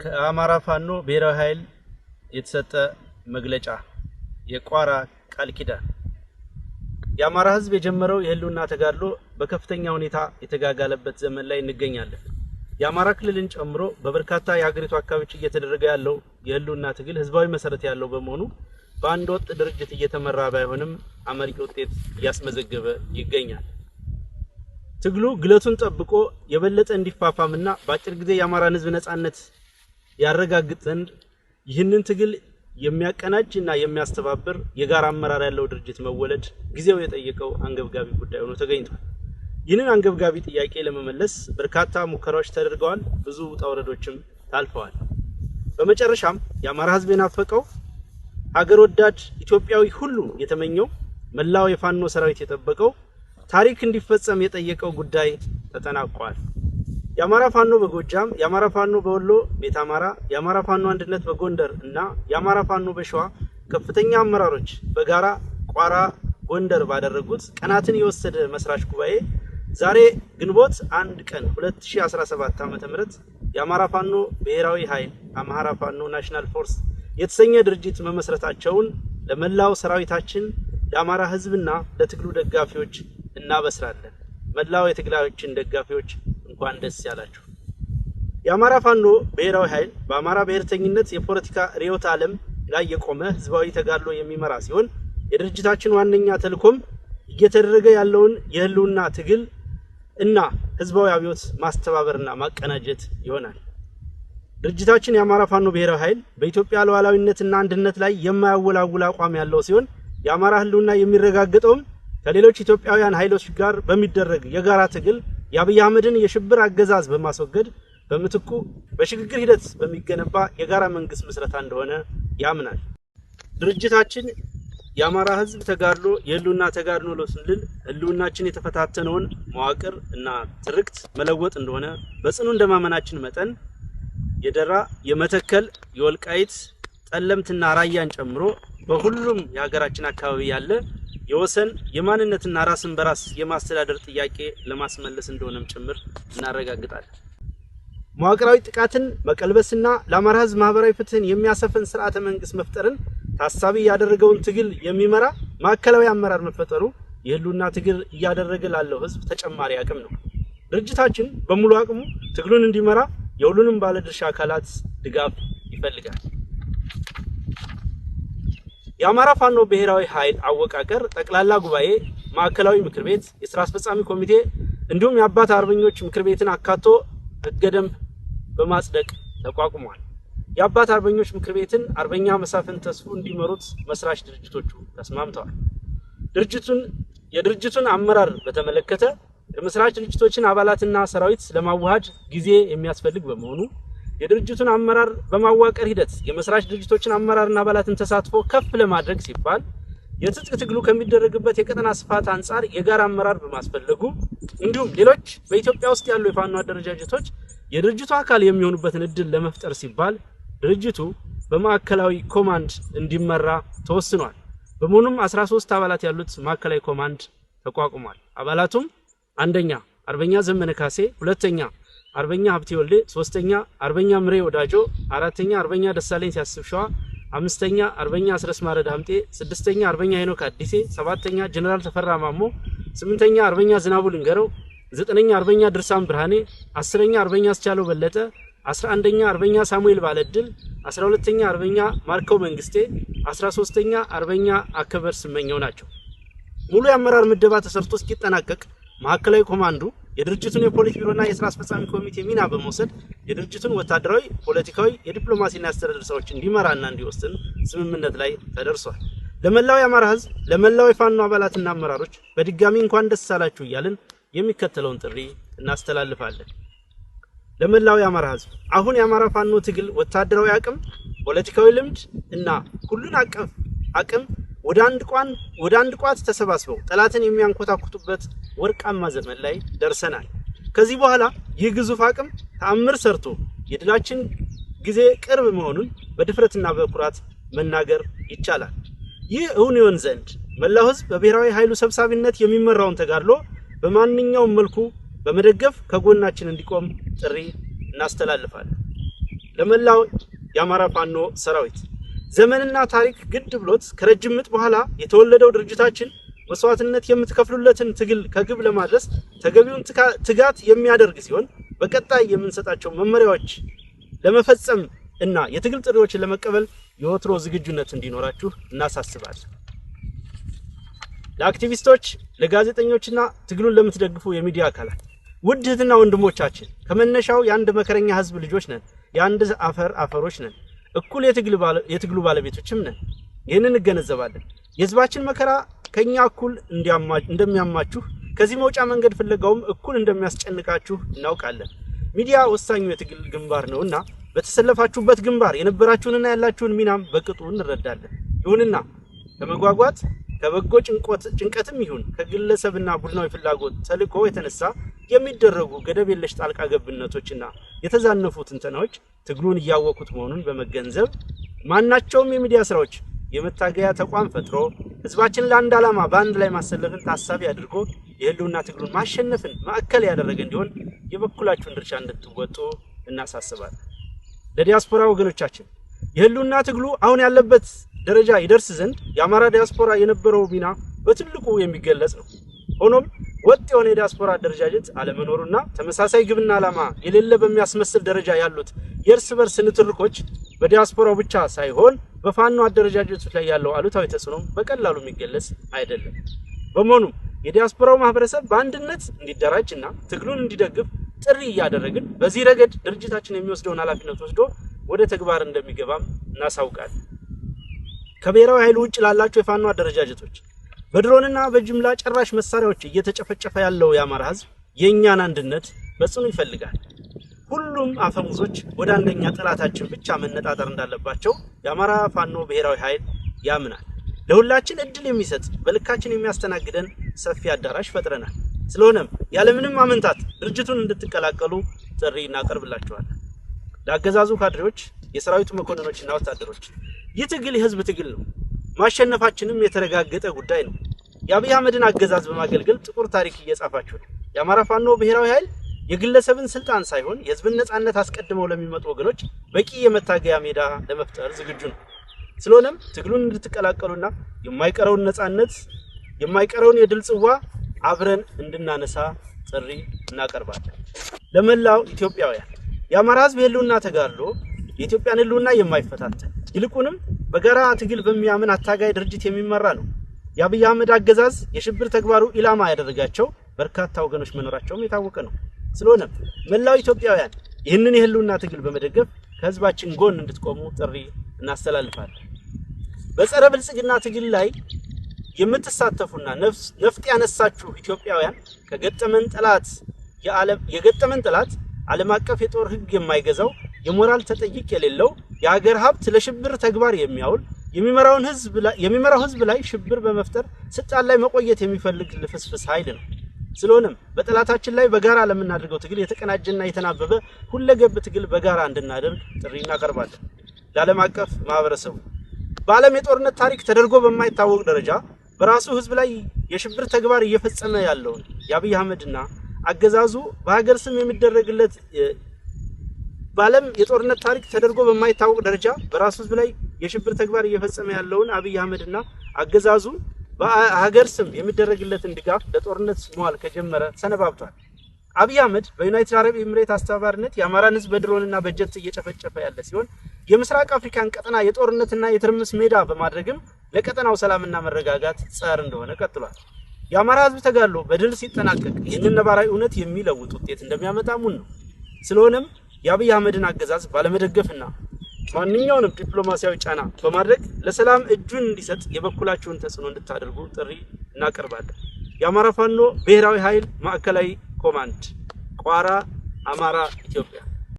ከአማራ ፋኖ ብሔራዊ ኃይል የተሰጠ መግለጫ የቋራ ቃል ኪዳን የአማራ ህዝብ የጀመረው የህልውና ተጋድሎ በከፍተኛ ሁኔታ የተጋጋለበት ዘመን ላይ እንገኛለን። የአማራ ክልልን ጨምሮ በበርካታ የሀገሪቱ አካባቢዎች እየተደረገ ያለው የህልውና ትግል ህዝባዊ መሰረት ያለው በመሆኑ በአንድ ወጥ ድርጅት እየተመራ ባይሆንም አመርቂ ውጤት እያስመዘገበ ይገኛል። ትግሉ ግለቱን ጠብቆ የበለጠ እንዲፋፋምና በአጭር ጊዜ የአማራን ህዝብ ነጻነት ያረጋግጥ ዘንድ ይህንን ትግል የሚያቀናጅ እና የሚያስተባብር የጋራ አመራር ያለው ድርጅት መወለድ ጊዜው የጠየቀው አንገብጋቢ ጉዳይ ሆኖ ተገኝቷል። ይህንን አንገብጋቢ ጥያቄ ለመመለስ በርካታ ሙከራዎች ተደርገዋል። ብዙ ውጣ ውረዶችም ታልፈዋል። በመጨረሻም የአማራ ሕዝብ የናፈቀው ሀገር ወዳድ ኢትዮጵያዊ ሁሉ የተመኘው መላው የፋኖ ሰራዊት የጠበቀው ታሪክ እንዲፈጸም የጠየቀው ጉዳይ ተጠናቋል። የአማራ ፋኖ በጎጃም፣ የአማራ ፋኖ በወሎ ቤት አማራ፣ የአማራ ፋኖ አንድነት በጎንደር እና የአማራ ፋኖ በሸዋ ከፍተኛ አመራሮች በጋራ ቋራ ጎንደር ባደረጉት ቀናትን የወሰደ መስራች ጉባኤ ዛሬ ግንቦት አንድ ቀን 2017 ዓ.ም የአማራ ፋኖ ብሔራዊ ኃይል አማራ ፋኖ ናሽናል ፎርስ የተሰኘ ድርጅት መመስረታቸውን ለመላው ሰራዊታችን ለአማራ ህዝብና ለትግሉ ደጋፊዎች እናበስራለን። መላው የትግላችን ደጋፊዎች እንኳን ደስ ያላችሁ። የአማራ ፋኖ ብሔራዊ ኃይል በአማራ ብሔርተኝነት የፖለቲካ ርዕዮተ ዓለም ላይ የቆመ ህዝባዊ ተጋድሎ የሚመራ ሲሆን የድርጅታችን ዋነኛ ተልኮም እየተደረገ ያለውን የህልውና ትግል እና ህዝባዊ አብዮት ማስተባበርና ማቀናጀት ይሆናል። ድርጅታችን የአማራ ፋኖ ብሔራዊ ኃይል በኢትዮጵያ ሉዓላዊነትና አንድነት ላይ የማያወላውል አቋም ያለው ሲሆን የአማራ ህልውና የሚረጋገጠውም ከሌሎች ኢትዮጵያውያን ኃይሎች ጋር በሚደረግ የጋራ ትግል የአብይ አህመድን የሽብር አገዛዝ በማስወገድ በምትኩ በሽግግር ሂደት በሚገነባ የጋራ መንግስት ምስረታ እንደሆነ ያምናል። ድርጅታችን የአማራ ህዝብ ተጋድሎ የህልውና ተጋድሎ ነው ስንል ህልውናችን የተፈታተነውን መዋቅር እና ትርክት መለወጥ እንደሆነ በጽኑ እንደማመናችን መጠን የደራ፣ የመተከል፣ የወልቃይት፣ ጠለምትና ራያን ጨምሮ በሁሉም የሀገራችን አካባቢ ያለ የወሰን የማንነትና ራስን በራስ የማስተዳደር ጥያቄ ለማስመለስ እንደሆነም ጭምር እናረጋግጣለን። መዋቅራዊ ጥቃትን መቀልበስና ለአማራ ማህበራዊ ፍትህን የሚያሰፍን ስርዓተ መንግስት መፍጠርን ታሳቢ ያደረገውን ትግል የሚመራ ማዕከላዊ አመራር መፈጠሩ የህልውና ትግል እያደረገ ላለው ህዝብ ተጨማሪ አቅም ነው። ድርጅታችን በሙሉ አቅሙ ትግሉን እንዲመራ የሁሉንም ባለድርሻ አካላት ድጋፍ ይፈልጋል። የአማራ ፋኖ ብሔራዊ ኃይል አወቃቀር ጠቅላላ ጉባኤ፣ ማዕከላዊ ምክር ቤት፣ የስራ አስፈጻሚ ኮሚቴ እንዲሁም የአባት አርበኞች ምክር ቤትን አካቶ ህገ ደንብ በማጽደቅ ተቋቁሟል። የአባት አርበኞች ምክር ቤትን አርበኛ መሳፍን ተስፉ እንዲመሩት መስራች ድርጅቶቹ ተስማምተዋል። ድርጅቱን የድርጅቱን አመራር በተመለከተ የመስራች ድርጅቶችን አባላትና ሰራዊት ለማዋሃድ ጊዜ የሚያስፈልግ በመሆኑ የድርጅቱን አመራር በማዋቀር ሂደት የመስራች ድርጅቶችን አመራርና አባላትን ተሳትፎ ከፍ ለማድረግ ሲባል የትጥቅ ትግሉ ከሚደረግበት የቀጠና ስፋት አንጻር የጋራ አመራር በማስፈለጉ እንዲሁም ሌሎች በኢትዮጵያ ውስጥ ያሉ የፋኖ አደረጃጀቶች የድርጅቱ አካል የሚሆኑበትን እድል ለመፍጠር ሲባል ድርጅቱ በማዕከላዊ ኮማንድ እንዲመራ ተወስኗል። በመሆኑም 13 አባላት ያሉት ማዕከላዊ ኮማንድ ተቋቁሟል። አባላቱም አንደኛ አርበኛ ዘመነ ካሴ፣ ሁለተኛ አርበኛ ሀብቴ ወልዴ፣ ሶስተኛ አርበኛ ምሬ ወዳጆ፣ አራተኛ አርበኛ ደሳለኝ ሲያስብ ሸዋ፣ አምስተኛ አርበኛ አስረስ ማረድ ሀምጤ፣ ስድስተኛ አርበኛ ሄኖክ አዲሴ፣ ሰባተኛ ጀኔራል ተፈራ ማሞ፣ ስምንተኛ አርበኛ ዝናቡ ልንገረው፣ ዘጠነኛ አርበኛ ድርሳም ብርሃኔ፣ አስረኛ አርበኛ አስቻለው በለጠ፣ አስራ አንደኛ አርበኛ ሳሙኤል ባለድል፣ አስራ ሁለተኛ አርበኛ ማርከው መንግስቴ፣ አስራ ሶስተኛ አርበኛ አከበር ስመኘው ናቸው። ሙሉ የአመራር ምደባ ተሰርቶ እስኪጠናቀቅ ማዕከላዊ ኮማንዱ የድርጅቱን የፖሊት ቢሮና የስራ አስፈጻሚ ኮሚቴ ሚና በመውሰድ የድርጅቱን ወታደራዊ፣ ፖለቲካዊ፣ የዲፕሎማሲና የአስተዳደር ስራዎች እንዲመራና እንዲወስን ስምምነት ላይ ተደርሷል። ለመላው የአማራ ህዝብ፣ ለመላው የፋኖ አባላትና አመራሮች በድጋሚ እንኳን ደስ አላችሁ እያልን የሚከተለውን ጥሪ እናስተላልፋለን። ለመላው የአማራ ህዝብ አሁን የአማራ ፋኖ ትግል ወታደራዊ አቅም፣ ፖለቲካዊ ልምድ እና ሁሉን አቀፍ አቅም ወደ አንድ ቋት ተሰባስበው ጠላትን የሚያንኮታኩቱበት ወርቃማ ዘመን ላይ ደርሰናል። ከዚህ በኋላ ይህ ግዙፍ አቅም ተአምር ሰርቶ የድላችን ጊዜ ቅርብ መሆኑን በድፍረትና በኩራት መናገር ይቻላል። ይህ እውን ይሆን ዘንድ መላው ሕዝብ በብሔራዊ ኃይሉ ሰብሳቢነት የሚመራውን ተጋድሎ በማንኛውም መልኩ በመደገፍ ከጎናችን እንዲቆም ጥሪ እናስተላልፋለን። ለመላው የአማራ ፋኖ ሰራዊት ዘመንና ታሪክ ግድ ብሎት ከረጅም ምጥ በኋላ የተወለደው ድርጅታችን መስዋዕትነት የምትከፍሉለትን ትግል ከግብ ለማድረስ ተገቢውን ትጋት የሚያደርግ ሲሆን በቀጣይ የምንሰጣቸው መመሪያዎች ለመፈጸም እና የትግል ጥሪዎችን ለመቀበል የወትሮ ዝግጁነት እንዲኖራችሁ እናሳስባለን። ለአክቲቪስቶች፣ ለጋዜጠኞችና ትግሉን ለምትደግፉ የሚዲያ አካላት ውድ እህትና ወንድሞቻችን ከመነሻው የአንድ መከረኛ ህዝብ ልጆች ነን። የአንድ አፈር አፈሮች ነን። እኩል የትግሉ ባለቤቶችም ነን። ይህንን እንገነዘባለን። የህዝባችን መከራ ከእኛ እኩል እንደሚያማችሁ ከዚህ መውጫ መንገድ ፍለጋውም እኩል እንደሚያስጨንቃችሁ እናውቃለን። ሚዲያ ወሳኙ የትግል ግንባር እና በተሰለፋችሁበት ግንባር የነበራችሁንና ያላችሁን ሚናም በቅጡ እንረዳለን። ይሁንና ከመጓጓት ከበጎ ጭንቀትም ይሁን ከግለሰብና ቡድናዊ ፍላጎት ተልዕኮ የተነሳ የሚደረጉ ገደብ የለሽ ጣልቃ ገብነቶችና የተዛነፉ ትንተናዎች ትግሉን እያወቁት መሆኑን በመገንዘብ ማናቸውም የሚዲያ ስራዎች የመታገያ ተቋም ፈጥሮ ህዝባችን ለአንድ ዓላማ በአንድ ላይ ማሰለፍን ታሳቢ አድርጎ የህልውና ትግሉን ማሸነፍን ማዕከል ያደረገ እንዲሆን የበኩላችሁን ድርሻ እንድትወጡ እናሳስባለን። ለዲያስፖራ ወገኖቻችን የህልውና ትግሉ አሁን ያለበት ደረጃ ይደርስ ዘንድ የአማራ ዲያስፖራ የነበረው ሚና በትልቁ የሚገለጽ ነው። ሆኖም ወጥ የሆነ የዲያስፖራ አደረጃጀት አለመኖሩና ተመሳሳይ ግብና ዓላማ የሌለ በሚያስመስል ደረጃ ያሉት የእርስ በርስ ንትርኮች በዲያስፖራው ብቻ ሳይሆን በፋኖ አደረጃጀቶች ላይ ያለው አሉታዊ ተጽዕኖ በቀላሉ የሚገለጽ አይደለም። በመሆኑም የዲያስፖራው ማህበረሰብ በአንድነት እንዲደራጅ እና ትግሉን እንዲደግፍ ጥሪ እያደረግን በዚህ ረገድ ድርጅታችን የሚወስደውን ኃላፊነት ወስዶ ወደ ተግባር እንደሚገባም እናሳውቃል። ከብሔራዊ ኃይል ውጭ ላላቸው የፋኖ አደረጃጀቶች በድሮንና በጅምላ ጨራሽ መሳሪያዎች እየተጨፈጨፈ ያለው የአማራ ህዝብ የእኛን አንድነት በጽኑ ይፈልጋል። ሁሉም አፈሙዞች ወደ አንደኛ ጠላታችን ብቻ መነጣጠር እንዳለባቸው የአማራ ፋኖ ብሔራዊ ኃይል ያምናል። ለሁላችን እድል የሚሰጥ በልካችን የሚያስተናግደን ሰፊ አዳራሽ ፈጥረናል። ስለሆነም ያለምንም አመንታት ድርጅቱን እንድትቀላቀሉ ጥሪ እናቀርብላችኋለን። ለአገዛዙ ካድሬዎች፣ የሰራዊቱ መኮንኖችና ወታደሮች ይህ ትግል የህዝብ ትግል ነው። ማሸነፋችንም የተረጋገጠ ጉዳይ ነው። የአብይ አህመድን አገዛዝ በማገልገል ጥቁር ታሪክ እየጻፋችሁ ነው። የአማራ ፋኖ ብሔራዊ ኃይል የግለሰብን ስልጣን ሳይሆን የህዝብን ነጻነት አስቀድመው ለሚመጡ ወገኖች በቂ የመታገያ ሜዳ ለመፍጠር ዝግጁ ነው። ስለሆነም ትግሉን እንድትቀላቀሉና የማይቀረውን ነጻነት የማይቀረውን የድል ጽዋ አብረን እንድናነሳ ጥሪ እናቀርባለን። ለመላው ኢትዮጵያውያን የአማራ ህዝብ የህልውና ተጋድሎ የኢትዮጵያን ህልውና የማይፈታተን ይልቁንም በጋራ ትግል በሚያምን አታጋይ ድርጅት የሚመራ ነው። የአብይ አህመድ አገዛዝ የሽብር ተግባሩ ኢላማ ያደረጋቸው በርካታ ወገኖች መኖራቸውም የታወቀ ነው። ስለሆነ መላው ኢትዮጵያውያን ይህንን የህልውና ትግል በመደገፍ ከህዝባችን ጎን እንድትቆሙ ጥሪ እናስተላልፋለን። በጸረ ብልጽግና ትግል ላይ የምትሳተፉና ነፍጥ ያነሳችሁ ኢትዮጵያውያን ከገጠመን ጠላት የገጠመን ጠላት ዓለም አቀፍ የጦር ህግ የማይገዛው የሞራል ተጠይቅ የሌለው የአገር ሀብት ለሽብር ተግባር የሚያውል የሚመራው ህዝብ ላይ ሽብር በመፍጠር ስልጣን ላይ መቆየት የሚፈልግ ልፍስፍስ ኃይል ነው። ስለሆነም በጠላታችን ላይ በጋራ ለምናደርገው ትግል የተቀናጀና የተናበበ ሁለገብ ትግል በጋራ እንድናደርግ ጥሪ እናቀርባለን። ለዓለም አቀፍ ማህበረሰቡ በዓለም የጦርነት ታሪክ ተደርጎ በማይታወቅ ደረጃ በራሱ ህዝብ ላይ የሽብር ተግባር እየፈጸመ ያለውን የአብይ አህመድና አገዛዙ በሀገር ስም የሚደረግለት በዓለም የጦርነት ታሪክ ተደርጎ በማይታወቅ ደረጃ በራሱ ህዝብ ላይ የሽብር ተግባር እየፈጸመ ያለውን አብይ አህመድና አገዛዙ በሀገር ስም የሚደረግለትን ድጋፍ ለጦርነት መዋል ከጀመረ ሰነባብቷል። አብይ አህመድ በዩናይትድ አረብ ኤምሬት አስተባባሪነት የአማራን ህዝብ በድሮንና በጀት እየጨፈጨፈ ያለ ሲሆን የምስራቅ አፍሪካን ቀጠና የጦርነትና የትርምስ ሜዳ በማድረግም ለቀጠናው ሰላምና መረጋጋት ጸር እንደሆነ ቀጥሏል። የአማራ ህዝብ ተጋድሎ በድል ሲጠናቀቅ ይህንን ነባራዊ እውነት የሚለውጥ ውጤት እንደሚያመጣ ሙን ነው። ስለሆነም የአብይ አህመድን አገዛዝ ባለመደገፍና ማንኛውንም ዲፕሎማሲያዊ ጫና በማድረግ ለሰላም እጁን እንዲሰጥ የበኩላችሁን ተጽዕኖ እንድታደርጉ ጥሪ እናቀርባለን። የአማራ ፋኖ ብሔራዊ ኃይል ማዕከላዊ ኮማንድ ቋራ፣ አማራ፣ ኢትዮጵያ